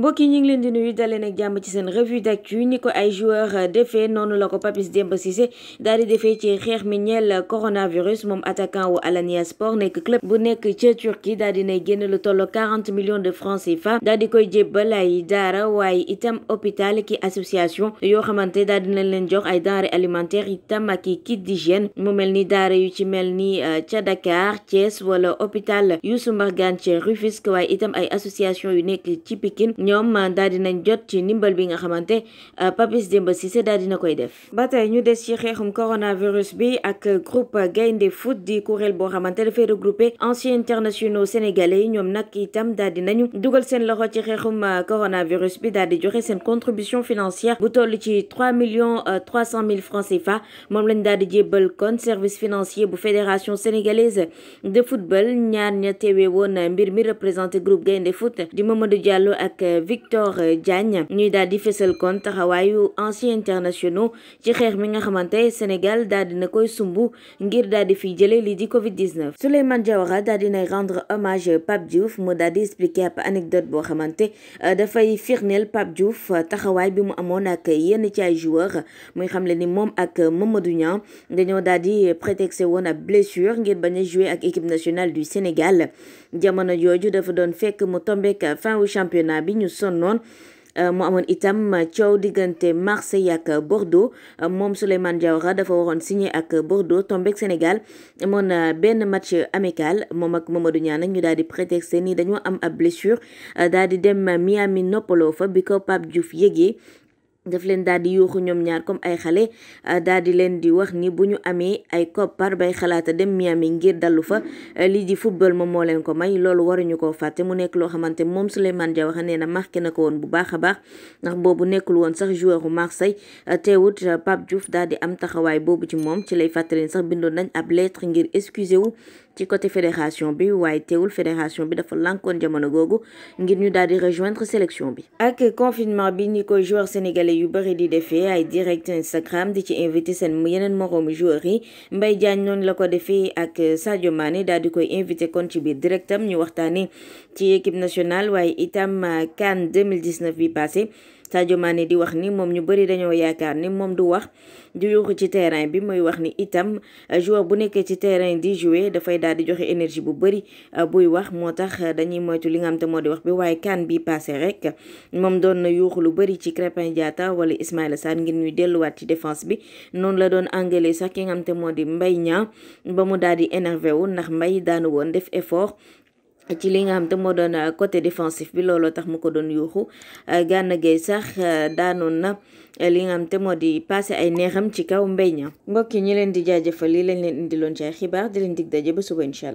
mbokk yi ñu ngi leen di nuyu daleen ak jàmm ci seen revue d'actu ni ko ay joueur euh, defee noonu la ko Papis Demba Cissé daal di defee ci xeex mi ñeel coronavirus moom attaquant wu Alanya Sport nekk club bu nekk ca Turquie daal di nay génn lu tollo 40 millions de francs CFA daal di koy jébbal ay daara waaye itam hôpital ki association yoo xamante daal dina leen jox ay denrées alimentaires itam ak i kit d'hygiène mu mel ni daara yu ci mel ni euh, ca Dakar Thiès wala hôpital Youssou Mbargane ca Rufisque itam ay association yu nekk ci ñom ah, daal dinañ jot ci nimbal bi nga xamanté ah, Papis Demba Cissé daal dina koy def. batay ñu des ci xéxum coronavirus bi ak groupe Gaynde Foot di kuréel boo xamante fait regrouper anciens internationaux sénégalais ñom nak itam daal dinañu duggal seen loxo ci xéxum ah, coronavirus bi daal di joxé seen contribution financière bu toll ci 3 millions 300 000 francs CFA mom lañ daal di jébal kon service financier bu fédération sénégalaise de football ñaar ña téwé won mbir mi représenté groupe Gaynde Foot di Mamadou Diallo ak. Victor euh, Diagne ñuy daal di fësal kon taxawaayu anciens internationaux ci Sénégal daal dina koy Sumbu, ngir daal di Covid 19. Suleiman Diawara daal rendre hommage Pape Diouf mu d'Adi di expliquer ab anecdote boo de euh, dafay firnel Pape Diouf euh, taxawaay bi mu amoon ak yenn ci ay joueurs muy ni mom ak Mamadou Niang dañoo daal di blessure ngir bañ jouer ak équipe nationale du Sénégal jamono jooju dafa doon fekk mu ka fin du championnat bi sonnoon euh, mu amoon itam coow diggante Marseille ak Bordeaux moom Souleymane Diawara dafa waroon signé ak Bordeaux tombek Sénégal amoon benn match amical moom ak Mamadou Niang nag ñu daal di prétexte ni dañoo am ab blessure daal di dem Miami noppaloo fa bi ko Pape Diouf yégee daf leen daal di yuuxu ñoom ñaar comme ay xale euh, daal di leen di wax ni bu ñu amee ay koppar bay xalaata dem Miami ngir dalu fa euh, lii di football moom moo leen ko may loolu waruñu koo fàtte mu nekk loo xamante moom Souleymane Diawara nee na marqué na ko woon bu baax a baax ndax boobu nekkul woon sax joueur u Marseille euh, teewut Pape Diouf daal di am taxawaay boobu ci moom ci lay fàttali sax bindoon nañ ab lettre ngir excuser wu ci côté fédération bi waaye teewul fédération bi dafa lànkoon jamono googu ngir ñu daal di rejoindre sélection bi. ak confinement bi ni koy joueur sénégalais yu bëri di defee ay direct Instagram di ci invité seen yeneen moroomu joueurs yi mbay Diagne noonu la ko defee ak Sadio Mané daal di koy invité kon ci biir directam ñu waxtaanee ci équipe nationale waaye itam CAN 2019 bi passé. Sadio Mané di wax ni moom ñu bëri dañoo yaakaar ni moom du wax du yuuxu ci terrain bi muy wax ni itam euh, joueur bu nekkee ci terrain di jouer dafay daal di joxe énergie bu bëri euh, buy wax moo tax dañuy moytu li nga xam te moo di wax bi waaye kan bi passé rek moom doon na yuuxu lu bëri ci Crépin Diatta wala Ismaïla Sarr ngir ñuy delluwaat ci défense bi noonu la doon anglais sax ki nga xam te moo di Mbaye Niang ba mu daal di énervé wu ndax Mbaye daanu woon def effort ci li nga xam te moo doon euh, côté défensif bi looloo tax mu ko doon yuuxu euh, Gana Gueye sax euh, daanoon na li nga xam te moo di passé ay neexam ci kaw mbey ña mbokk yi ñi leen di jaajëfal lii lañ leen indiloon ci ay xibaar di leen dig daje ba suba incha